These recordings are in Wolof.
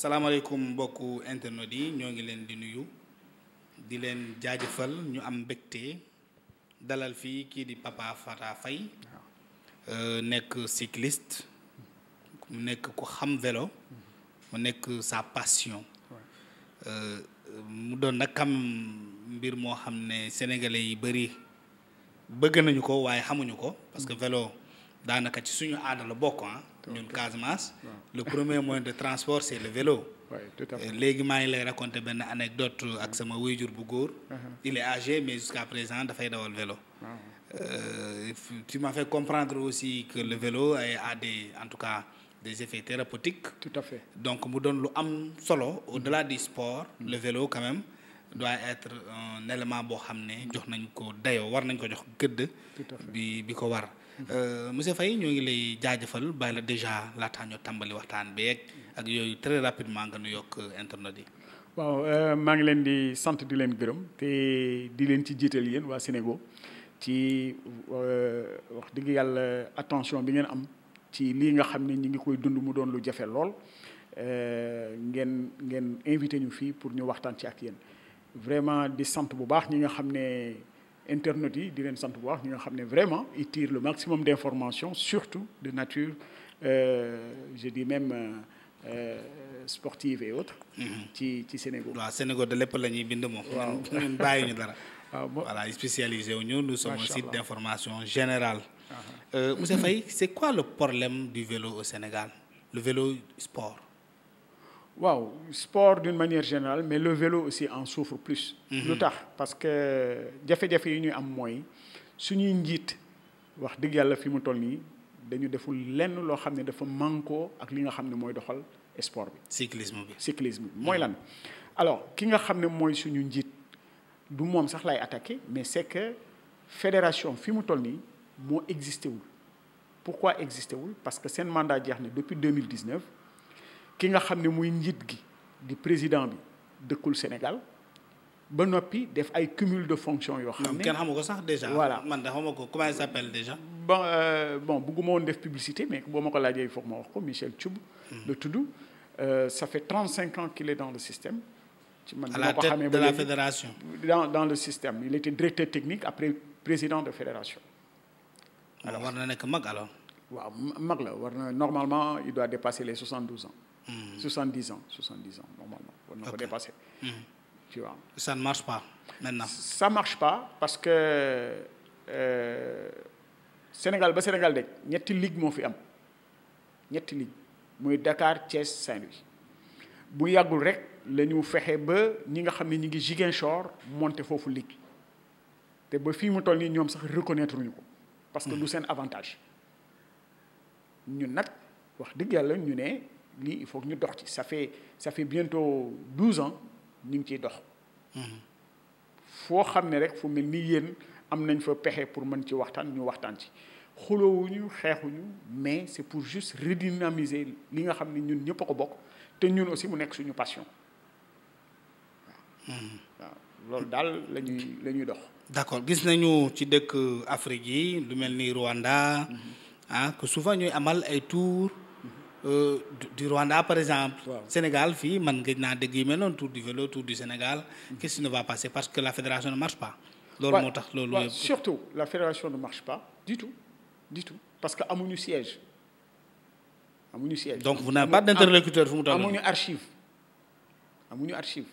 salaamaaleykum mbokku internet yi ñoo ngi leen di nuyu di leen jaajëfal ñu am mbégte dalal fii kii di Papa Fata Faye euh, nekk cycliste mu nekk ku xam velo mu nekk sa passion euh, mu doon nag kam mbir moo xam ne sénégalais yi bari bëgg nañu ko waaye xamuñu ko parce que vélo daanaka ci suñu aadala la bokk ah ñun Casamance. le premier moyen de transport c'est le vélo. Euh, léegi maa ngi lay raconter benn anecdote ak sama waajur bu góor. Uh-huh. il est âgé mais jusqu'à présent dafay dawal vélo. Euh, tu m'as fait comprendre aussi que le vélo a des en tout cas des effets thérapeutiques. fait donc mu doon lu am solo. Mm-hmm. au-delà du sport. Mm-hmm. le vélo quand même doit être un élément boo xam ne jox nañ ko dayoo war nañ ko jox gëdd. bi bi ko war. Euh, monsieur Faye ñoo ngi lay jaajëfal bàyyi la déjà laataa ñoo tàmbali waxtaan beeg ak yooyu très rapidement nga nu yokk euh, internet di waaw euh, maa ngi leen di sant di leen gërëm te di leen ci jiital yéen waa Sénégal ci wax dëgg yàlla attention bi ngeen am ci lii nga xam ne ñi ngi koy dund mu doon lu jafe lool ngeen ngeen invité ñu fii pour ñu waxtaan ci ak yéen vraiment di sant bu baax ñi nga xam ne. internautes yi di leen sant bu baax ñi nga xam ne vraiment ils tirent le maximum d'informations surtout de nature euh, je dis même euh, sportive et autres. ci ci Sénégal. waaw de lépp la ñuy bind moom. waaw ñun bàyyi ñu dara. Ah, voilà spécialisé wu ñu. nous sommes un site d'information générale. Ah, ah. euh, monsieur Faye c'est quoi le problème du vélo au Sénégal le vélo sport. waaw sport d'une manière générale mais le vélo aussi en souffre plus. Mhm. lu tax parce que jafe-jafe yi ñuy am mooy suñuy njiit wax dëgg yàlla fi mu toll nii dañu deful lenn loo xam ne dafa mànkoo ak li nga xam ne mooy doxal sport bi. cyclisme bi mooy mhm. lan. alors ki nga xam ne mooy suñu njiit du moom sax lay attaqué mais c'est que fédération fi mu toll nii moo existé wul. pourquoi existé wul parce que seen mandat jeex na depuis 2019. ki nga xam ne muy njiit gi di président bi dëkkul Sénégal ba noppi def ay cumul de fonction yoo xam ne kenn xamu ko sax déjà voilà man de xamu ko comment il s'appelle déjà bon euh, bon woon def publicité mais boo ma ko laajee il faut ma wax ko Michel Thioub hmm. la tudd euh, ça fait trente cinq ans qu'il est dans le système ci man ma ko xamee de la fédération dans le système il était directeur technique après président de fédération alors war na nekk mag alors waaw mag la war na normalement il doit dépasser les soixante douze ans 70 hmm. ans 70 ans normalement war na ko dépasser hmm. tu vois ça ne marche pas maintenant sa marche pas parce que euh, Sénégal ba Sénégal de ñetti ligue moo fi am ñetti ligue muy dakaar Thiès saint bu yàggul rek la ñu fexe ba ñi nga xam ne ñu ngi Ziguinchor monte foofu ligue te ba fii mu toll nii ñoom sax reconnaître ñu ko parce que hmm. du seen avantage ñun nag wax dëgg yàlla ñu ne lii il faut que ñu dox ci ça fait ça fait bientôt douze ans ñu ngi ciy dox. foo xam ne rek fu mel ni yéen am nañ fa pexe pour mën ci waxtaan ñu waxtaan ci xuloowuñu xeexuñu mais c'est pour juste redynamiser li nga xam ne ñun ñëpp ko bokk te ñun aussi mu nekk suñu passion waaw. waaw loolu daal la ñuy la ñuy dox. d'accord gis nañu ci dëkk Afrique yi lu mel ni Rwanda. Mhm. ah que souvent ñuy amal ay tours. Euh, du Rwanda par exemple. Sénégal fii man gëj naa dégg yu mel noonu tour du vélo tour du Sénégal. Mm-hmm. qu'est-ce qui ne va passer parce que la fédération ne marche pas. loolu moo tax loolu surtout la fédération ne marche pas du tout parce que amuñu siège. amuñu siège donc vous n'avez pas d'interlocuteur fu mu toll amuñu archive amuñu archive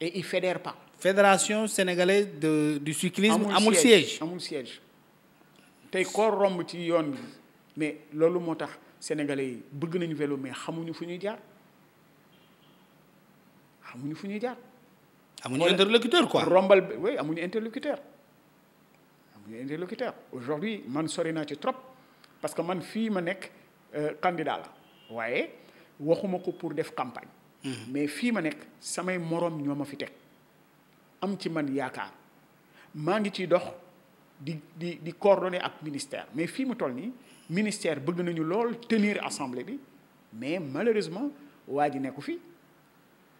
et ils fédèrent pas. fédération sénégalaise de du cyclisme. amul siège amul siège. tey koo romb ci yoon bi mais loolu moo tax. sénégalais yi bëgg nañu vélo mais xamuñu fu ñuy jaar xamuñu fu ñuy jaar. amuñu interlocuteur quoi rombal oui amuñu interlocuteur amuñu interlocuteur. aujourd'hui man sori naa ci trop parce que man fii ma nekk euh, candidat la waaye waxuma ko pour def campagne. Mhm. mais fii ma nekk samay morom ñoo ma fi teg am ci man yaakaar maa ngi ciy dox di di di coordonner ak ministère mais fii mu toll nii. ministère bëgg nañu lool tenir assemblée bi mais malheureusement waa ji nekku fi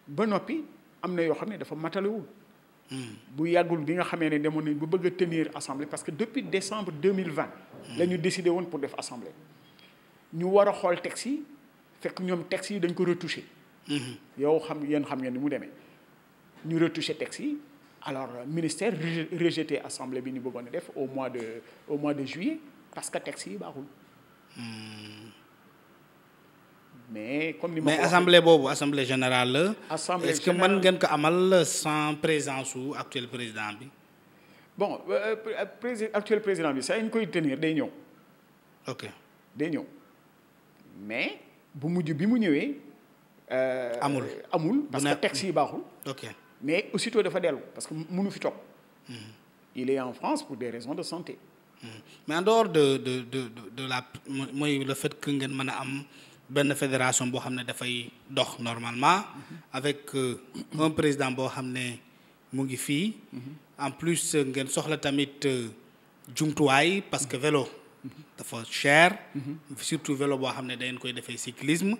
ba noppi am na yoo xam ne dafa matalewul hmm. bu yàggul bi nga xamee ne demoon nañ bu bëgg a tenir assemblée parce que depuis décembre 2020 hmm. la ñu décidé woon pour def assemblée ñu war a xool texte yi fekk ñoom texte yi dañ ko retouché hmm. yow xam yéen xam ngeen ni mu demee ñu retouché texte yi alors ministère rejeté assemblée bi ñu bëggoon a def au mois de au mois de juillet parce que texte yi baaxu Hmm. mais comme ni ma mais assemblée boobu assemblée générale la. assemblée est-ce que mën ngeen ko amal sans présence su actuel président bi. bon euh, euh, prési actuel président bi saa ñu koy tenir day ñëw. ok day ñëw mais bu mujj bi mu ñëwee. Euh, amul amul parce que texte yi baaxul. ok mais aussitôt dafa dellu parce que mënu fi toog. Hmm. il est en France pour des raisons de santé. mais en dehors de de de de la mooy le fait que ngeen mën a am benn fédération boo xam ne dafay dox normalement avec euh, président boo xam ne mu ngi fii en plus ngeen soxla tamit euh, jumtuwaay parce que vélo dafa cher surtout vélo boo xam ne dangeen koy defee cyclisme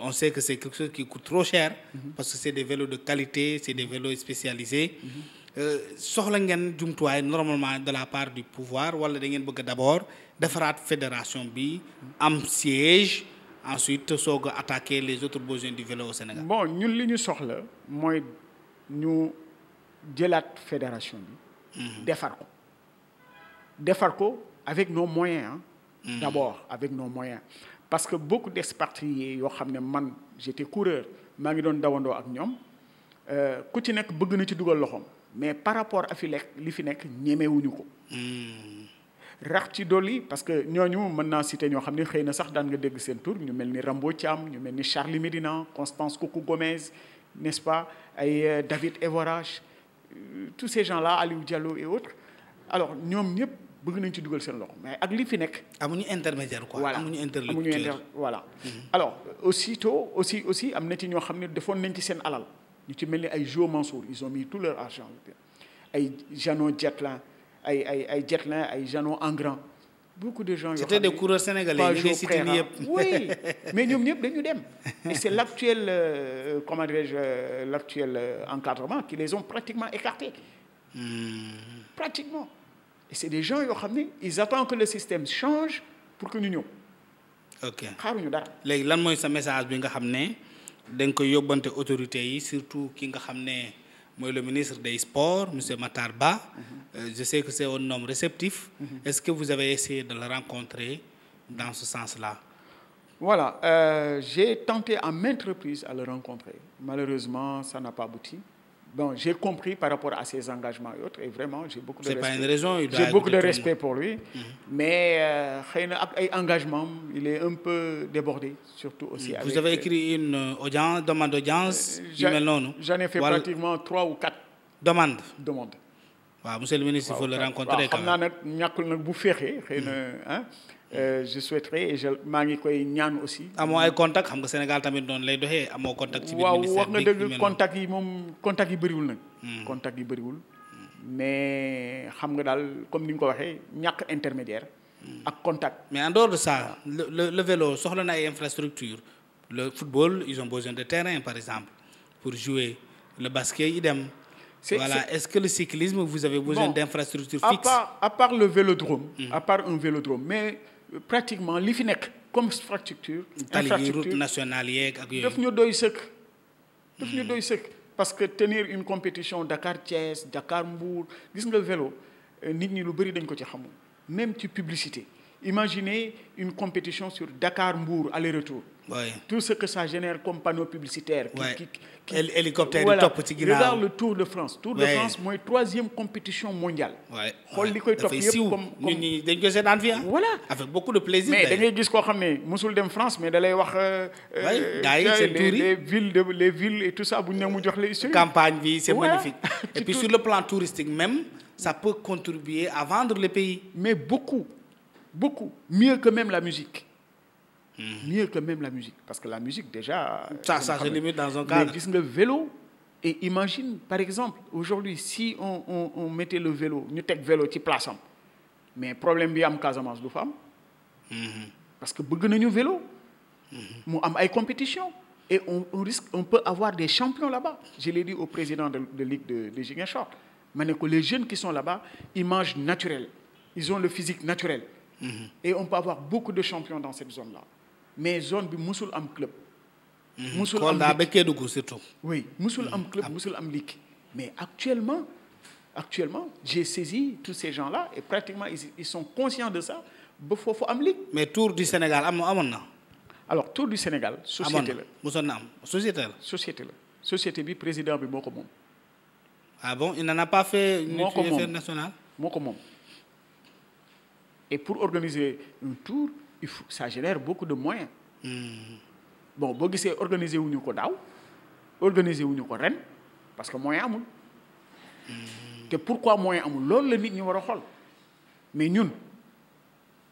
on sait que c'est quelque chose qui coûte trop cher parce que c'est des vélos de qualité c'est des vélos spécialisés Euh, soxla ngeen jumtuwaay normalement de la part du pouvoir wala da ngeen bëgg d'abord defaraat fédération bi am siège ensuite soog a attaquer les autres besoins du vélo au Sénégal. bon ñun lu ñu soxla mooy ñu jëlaat fédération bi. Mhm. defar ko defar ko avec nos moyen ah. Mhm. d'abord avec no moyen parce que beaucoup d'expatriés yoo xam ne man j'étais coureur maa ngi doon dawandoo ak ñoom euh, ku ci nekk bëgg na ci dugal loxoom. mais par rapport à fi lekk li fi nekk ñemewuñu ko. Hmm. rax ci dolli parce que ñooñu mën naa citer ñoo xam ne xëy na sax daan nga dégg seen tour ñu mel ni Rambo Thiam ñu mel ni Charlie Medina Constance Coucou Gomez n'est-ce pas ay euh, David Evorage euh, tous ces gens-là Aliou Diallo et autres alors ñoom ñëpp bëgg nañ ci dugal seen loxo mais ak li fi nekk. amuñu intermédiaire quoi amuñu interlocuteur voilà. Hmm. alors aussitôt aussi aussi am na ci ñoo xam ne defoon nañ ci seen alal. ñu ci mel ni ay Jo Mansour ils ont mis tout leur argent ay Jeannot Diatlin ay ay ay Diatlin ay Jeannot Engrand beaucoup de gens. yoo xam ne c'était des coureurs sénégalais ñu ngi cité nii yëpp oui mais ñoom ñëpp dañu dem. et c'est l'actuel euh, comment dirais-je euh, l'actuel euh, encadrement qui les ont pratiquement écartés. Mmh. pratiquement. et c'est des gens yoo xam ne ils attendent que le système change pour que ñu ñëw. ok xaaruñu dara. léegi lan mooy sa message bi nga xam ne. dañ koy yóbbante autorités yi surtout ki nga xam ne mooy le ministre des sports monsieur Matar Ba. Mm-hmm. Euh, je sais que c'est un homme réceptif. Mm-hmm. est-ce que vous avez essayé de la rencontrer dans ce sens-là. voilà euh, j'ai tenté à maintes à le rencontrer malheureusement ça n'a pas abouti. Bon, j'ai compris par rapport à ses engagements et autres, et vraiment, j'ai beaucoup de respect. pas une raison, J'ai beaucoup de respect pour lui, mm-hmm. mais euh, engagement, il est un peu débordé, surtout aussi. Mm-hmm. Vous avec, avez euh, écrit une euh, audience, demande d'audience, j'en ai fait voilà. pratiquement trois ou quatre. Demande. Demande. waaw monsieur le ministre il faut le rencontrer. waaw xam naa nag ñàkkul nag bu feexee xëy na ah. Euh, je souhaiterais maa ngi koy ñaan aussi. amoo ay contact xam nga Sénégal tamit noonu lay doxee amoo contact. waaw wax nga dëgg contact yi moom contact yi bëriwul nag. Hmm. contact yi bëriwul. mais xam nga daal comme ni nga ko waxee ñàkk intermédiaire. Hmm. ak contact. mais en dehors de ça le le, le vélo soxla na ay infrastructure le football ils ont besoin de terrain par exemple pour jouer le basket idem. c'est voilà est-ce que le cyclisme vous avez besoin bon, d'infrastructures fixes. à hmm. mais. pratiquement li fi nekk comme infrastructure infrastructure route nationale yeeg ak yooyu daf ñu doy sëkk daf ñu doy sëkk parce que tenir une compétition Dakar Thiès Dakar Mbour gis nga vélo nit ñi lu bëri dañ ko ci xamul même ci publicité Imaginez une compétition sur Dakar-Mbour aller-retour. Ouais. Tout ce que ça génère comme panneau publicitaire. Qui, ouais. qui, top ci ginnaaw le Tour de France. Tour ouais. de France mooy troisième compétition mondiale. waay xool li koy topp yëpp comme comme ñun dañ koy seetaan fii ah. voilà avec beaucoup de plaisir. mais da ngay gis koo xam mais da wax. waay euh, euh, les villes de les villes et tout ça bu ñu ne mu jox campagne bi c'est magnifique. et puis sur le plan touristique même ça peut contribuer à vendre le pays. mais beaucoup. beaucoup mieux que même la musique. Mmh. même la musique parce que la musique déjà. ça ça se limite dans un cadre mais gis nga vélo. et imagine par exemple aujourd'hui si on on on mettait le vélo ñu teg vélo ci place mais problème bi am Casamance du fa am. Hmm. parce que bëgg nañu vélo. Hmm. mu am ay compétition et on on risque on peut avoir des champions là-bas je l'ai dit au président de de ligue de de Ziguinchor ma ne ko les jeunes qui sont là-bas ils mangent naturel ils ont le physique naturel. Mm-hmm. et on peut avoir beaucoup de champions dans cette zone là mais zone bi musul am club. Mm-hmm. musul am Kolda ba am mm-hmm. club ah. musul am ligue mais actuellement actuellement j'ai saisi tous ces gens là et pratiquement ils, ils sont conscients de ça ba foofu am ligue. mais tour du Sénégal am amoon na. alors tour du Sénégal. société la musoon na am société la. société la société bi président bi moo ko moom. ah bon il n'en a pas fait. moo ko moom national ko moom. pour organiser un tour, il faut, ça génère beaucoup de moyens. Mmh. Bon, boo gisee organiser wuñu ko daaw organiser wuñu ko ren parce que moyen amul. Hmm. te pourquoi moyen amul loolu la nit ñi war a xool mais ñun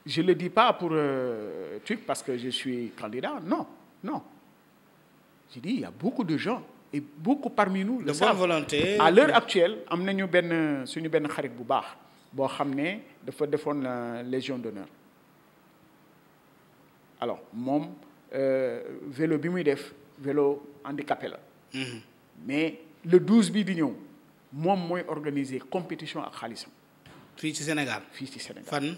je le dis pas pour euh, truc parce que je suis candidat non non je dis il y a beaucoup de gens et beaucoup parmi nous. de sa volonté à l'heure actuelle am nañu benn suñu benn xarit bu baax. boo xam ne dafa defoon légion d'honneur alors moom euh, vélo bi muy def vélo handicapé la mm-hmm. mais le 12 bii di ñëw moom mooy organiser compétition ak xaalisam fii ci Sénégal fii ci Sénégal fan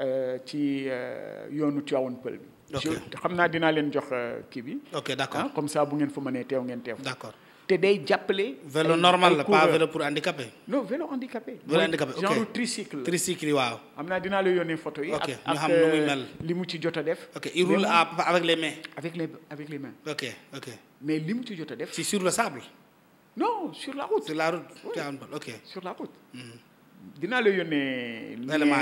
euh, ci euh, yoonu Tivaouane Pël bi xam naa dinaa leen jox kii bi ok d'accord ah, comme ça bu ngeen fa mënee teew ngeen teew d'accord te day jàppale. vélo normal la pas vélo pour handicapé. non vélo handicapé. vélo handicapé ok genre tricycle. tricycle waaw. am naa dinaa la yónnee photo yi. ok nu muy euh, mel li mu ci jot a def. ok il roule avec les mains. avec les mains. ok ok. mais li mu ci jot def. si sur le sable. non sur la route. sur la route oui. ok. sur la route. Mhm. dinaa la yónnee.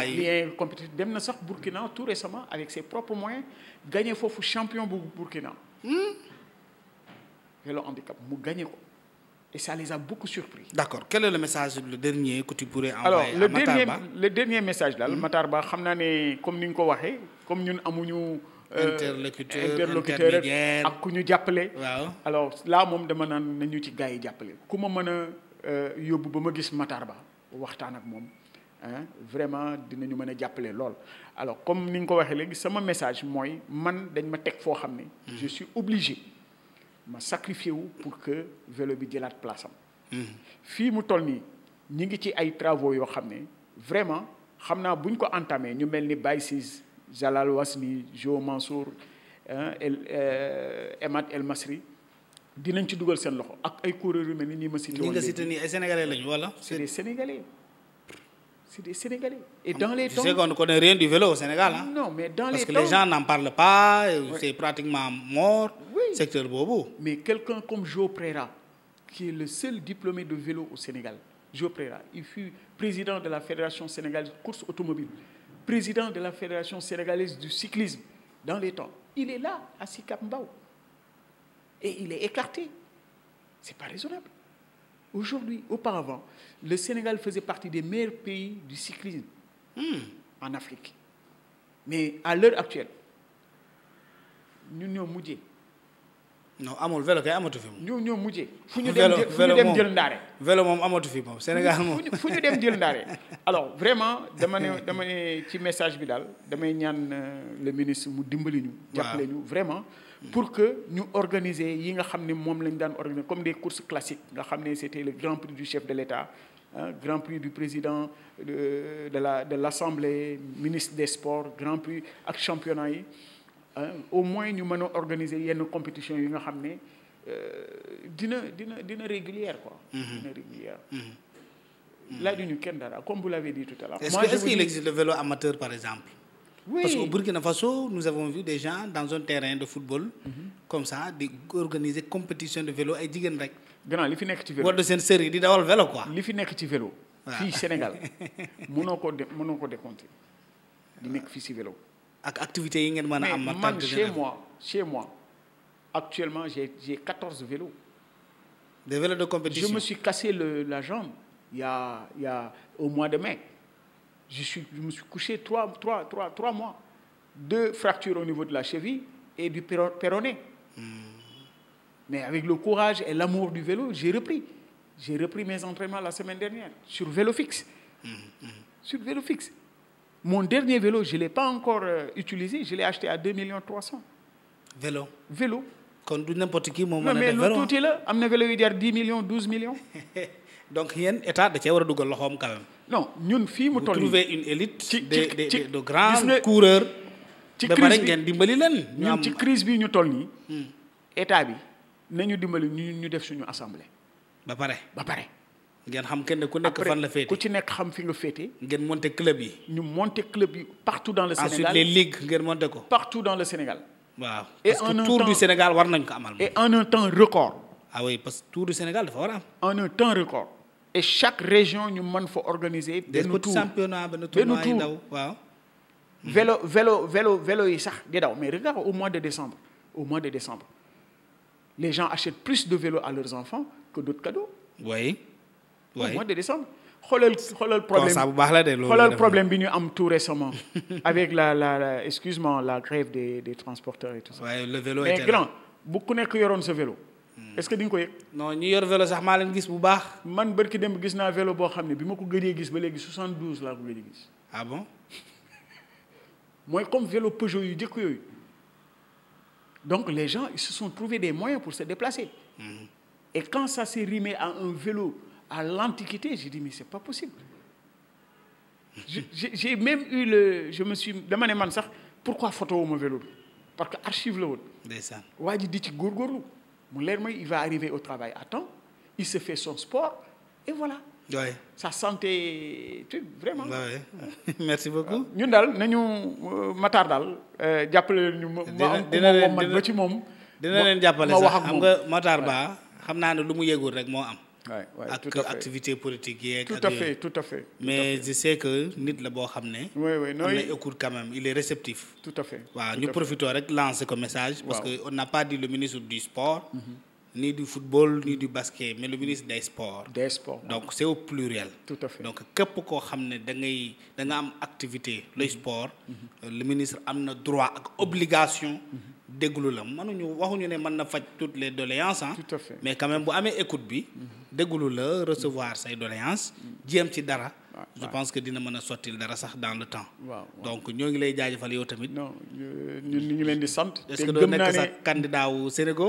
yi lien compétitif dem na sax Burkina tout récemment avec ses propres moyens gagné foofu champion bu Burkina. Hmm? vélo handicap mu gagné ko et ça les a beaucoup surpris. d'accord quel est le message le dernier que tu pourrais envoyer alors le dernier message daal hmm? Matar Ba xam naa ne comme ni nga ko waxee comme ñun amuñu. Euh, interlocuteur interlocuteur ak ku ñu jàppale. waaw alors moom dama naan nañu ci gars yi jàppale ku ma mën a euh, yóbbu ba ma gis Matar Ba waxtaan ak moom vraiment dinañu mën a jàppale lool. alors comme ni nga ko waxee léegi sama message mooy man dañ ma teg foo xam ne. Hmm. je suis obligé. ma sacrifié wu pour que vélo bi jëlaat place am. Hmm. fii mu toll nii ñu ngi ci ay travaux yoo xam ne vraiment xam naa buñ ko entamé ñu mel ni Baye Ciss Jalal Wasli Jo Mansour El euh, Emad El Masri dinañ ci dugal seen loxo ak ay coureurs yu mel ni nii ma. cité woon léegi lañu wala. c'est des sénégalais c'est des sénégalais. et dans les temps je sais qu'on ne rien du vélo Sénégal non mais dans les temps parce que pas. c'est pratiquement mort. secteur boobu. mais quelqu'un comme Jo Préra qui est le seul diplômé de vélo au Sénégal Jo Préra il fut président de la fédération sénégale de course automobile président de la fédération sénégalaise du cyclisme dans les temps il est là à Sicap Mbao et il est écarté c'est pas raisonnable aujourd'hui auparavant le Sénégal faisait partie des meilleurs pays du cyclisme hmm. en Afrique mais à l'heure actuelle ñoo mujjee non amul vélo kay amatu fi. ñoo ñoo mujjee. fu ñu dem fu jël ndaare. velo moom amatu fi moom Sénégal moom. fu ñu dem jël ndaare alors vraiment dama ne dama ne ci message bi daal damay ñaan euh, le ministre mu dimbali ñu. jàppale ñu vraiment. pour que ñu organiser yi nga xam ne moom lañ daan organiser comme des courses classiques nga xam ne c'était le grand prix du chef de l'État Hein, grand prix du président de, euh, de la de l'Assemblée ministre des sports grand prix ak championnat yi Euh, au moins ñu mën a organiser yenn compétition yi nga xam ne euh, dina dina dina régulière quoi. Mm-hmm. dina régulière. Mm-hmm. Mm-hmm. laajuñu kenn dara comme vous l'avez dit tout à l'heure. est-ce que est-ce par exemple. oui parce qu'au Burkina Faso nous avons vu des gens dans un terrain de football. comme ça di organiser compétition de vélo ay jigéen rek. grand li fi nekk ci vélo war na seen di dawal vélo quoi. li fi nekk ci vélo. fii Sénégal mënoo ko de mënoo ko décompter di nekk fii si vélo. ak activités yi ngeen mën a am. en tant que chez moi actuellement j'ai j'ai quatorze vélos. des vélos de compétition je me suis cassé le la jambe il y a au mois de mai je suis je me suis couché trois trois trois trois mois deux fractures au niveau de la cheville et du péroné. Mmh. mais avec le courage et l'amour du vélo j'ai repris j'ai repris mes entraînements la semaine dernière sur vélo fixe. Hmm, hmm. vélo fixe. Mon dernier vélo, je ne l'ai pas encore euh, utilisé, je l'ai acheté à 2 millions 300. Vélo Vélo. kon du n'importe qui moom. mën a def vélo mais lu tuuti la am na vélo yu jar 10 millions 12 donc yéen état da cee war a dugal loxoom quand même. non ñun fii mu toll nii trouver une élite. ci ci de de de grands coureurs. ci crise bi ba pare dimbali leen. ñu am ci crise bi ñu toll nii. Hmm. état bi nañu dimbali ñu ñu def suñu assemblée. ba pare ba pare. ngeen xam kenn ku nekk fan la féete ku ci nekk xam fi nga féete. ngeen monter club yi. ñu monter club yi partout dans le Sénégal ensuite partout dans le Sénégal. waaw war nañ ko amal. et en un temps record. Ah que tour du Sénégal dafa war a am. en un temps record. et chaque région ñu mën fa organiser. benn tour des championnat benn tournoi yi daw mmh. vélo vélo vélo yi sax di daw mais regarde au mois de décembre au de décembre les gens achètent plus de vélos à leurs enfants que d'autres cadeaux. au moins de décembre. xoolal xoolal problème bu baax la de loolu xoolal bi ñu am tout récemment avec la la la la grève des des transporteurs et tout ça. waaye grand bu ku nekk yoroon sa vélo. Hmm. est-ce que di ko yëg. non ñu yor vélo sax maa leen gis bu baax. man barki dem gis naa vélo boo xam ne bi ma ko gëjee gis ba léegi 72 laa ko gëjee gis. Ah mooy comme vélo Peugeot yu jëkk yooyu donc les gens ils se sont trouvé des moyens pour se déplacer. Hmm. et quand ça s'est rimé à un vélo. à l'Antiquité. J'ai dit, mais c'est pas possible. j'ai même je me suis dama ne man sax pourquoi photo wu ma vélo parce que archive la woon. ndeysaan waa ji di ci góorgóorlu mu leer mooy il va arriver au travail à temps il se fait son sport et voilà. sa santé tu vraiment. oui merci beaucoup. ñun daal nañu euh, Matar daal euh, jàppale leen ñu. ma dina leen dina leen ba moom. dina leen jàppale sax xam nga Matar Ba xam naa ne lu mu yëgul rek moo am. ak activité politique yeeg tout à mais je sais que nit la boo xam ne am na écoute quand même il est réceptif tout à fait waaw ñu profité rek lancer ko message parce que n'a pas dit le ministre du sport mhm. ni du football ni du basket mais le ministre des sports des sports donc c'est au pluriel donc képp koo xam ne da ngay da nga am activité le mhm. sport mhm. le ministre am na droit ak obligation déglu la mënuñu waxuñu ne mën na faj toutes les doléances à fait mais quand même bu amee écoute bi. déglu la recevoir say doléances. jéem ci dara. je pense que dina mën a sottil dara sax dans le temps. waaw donc ñoo ngi lay jaajëfal yow tamit. non euh, ñu ngi leen di sant. te gëm naa ne est Sénégal.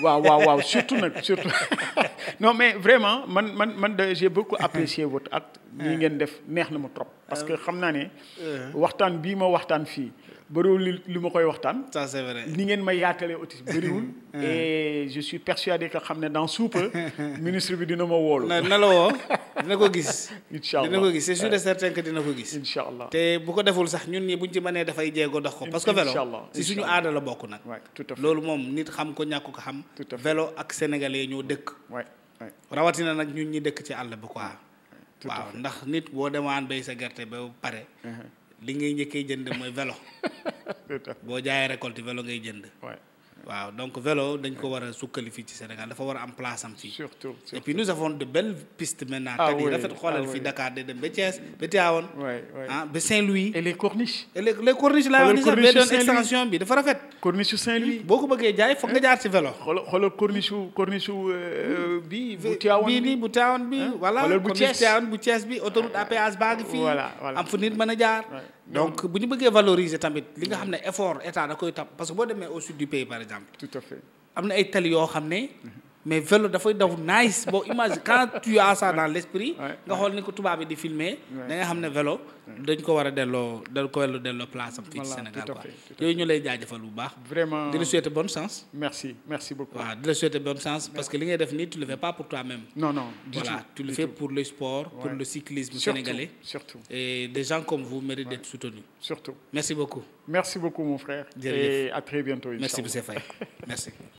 waaw waaw waaw surtout nag surtout non mais vraiment man man man de j'ai beaucoup apprécié votre acte. nii ngeen def neex na ma trop. parce que euh, xam naa ne. Euh. waxtaan bii moo waxtaan fii. bëriwul li li ma koy waxtaan. sa c'est vrai ngeen ma yaatalee autisme bëriwul. Ah. et je suis persuadé xam ne dans sous ministre bi dina ma woolu na la woo dina ko gis. dina ko gis c'est sûr et certain que dina ko gis. incha te bu ko deful sax ñun ñii buñ ci mënee dafay jéego dox ko. parce que vélo si suñu aada la bokk nag. loolu moom nit xam ko ñàkk ko xam. velo ak sénégalais ñoo dëkk. rawatina nag ñun ñi dëkk ci àll bi quoi. waaw ndax nit boo demaan béy sa gerte ba pare. Uh-huh. li ngay njëkkee jënd mooy velo boo jaayee récolte vélo ngay jënd. waaw donc vélo dañ ko war a sukkali fii ci Sénégal dafa war a am place am fii. surtout et nous avons de belles pistes maintenant. ah oui rafet ah xoolal fii Dakar day dem ba Thiès ba Thiawane. ah ba Saint-Louis. et les corniches. et les les extension bi dafa rafet. corniche su Saint-Louis. boo ko bëggee jaay foog nga jaar ci vélo. xoolal xoolal corniche su corniche su euh, hmm. bii bu Thiawane bii bu Thiawane bi voilà corniche bu Thiès bi autoroute à péage baa ngi fii. am fu nit mën a jaar. donc bu ñu bëggee valoriser tamit li nga xam ne effort état da koy tam parce que boo demee au sud du pays par exemple. tout à am na ay tali yoo xam ne. Mm-hmm. mais vélo dafay daw nice boo image quand tu as dans l' esprit. nga xool ni ko tubaab yi di filmer da nga xam ne vélo dañ ko war a delloo dañ ko war a delloo place am. fii ci Sénégal quoi yooyu ñu lay jaajëfal lu baax. vraiment di la souhaiter bonne chance. merci merci beaucoup. waaw di la souhaiter bonne chance parce que li ngay def nii tu le fais pas pour toi même. non non du tout voilà tu le fais pour le sport. pour le cyclisme sénégalais. surtout des gens comme vous méritent d'être soutenus. merci beaucoup. merci beaucoup mon frère. merci.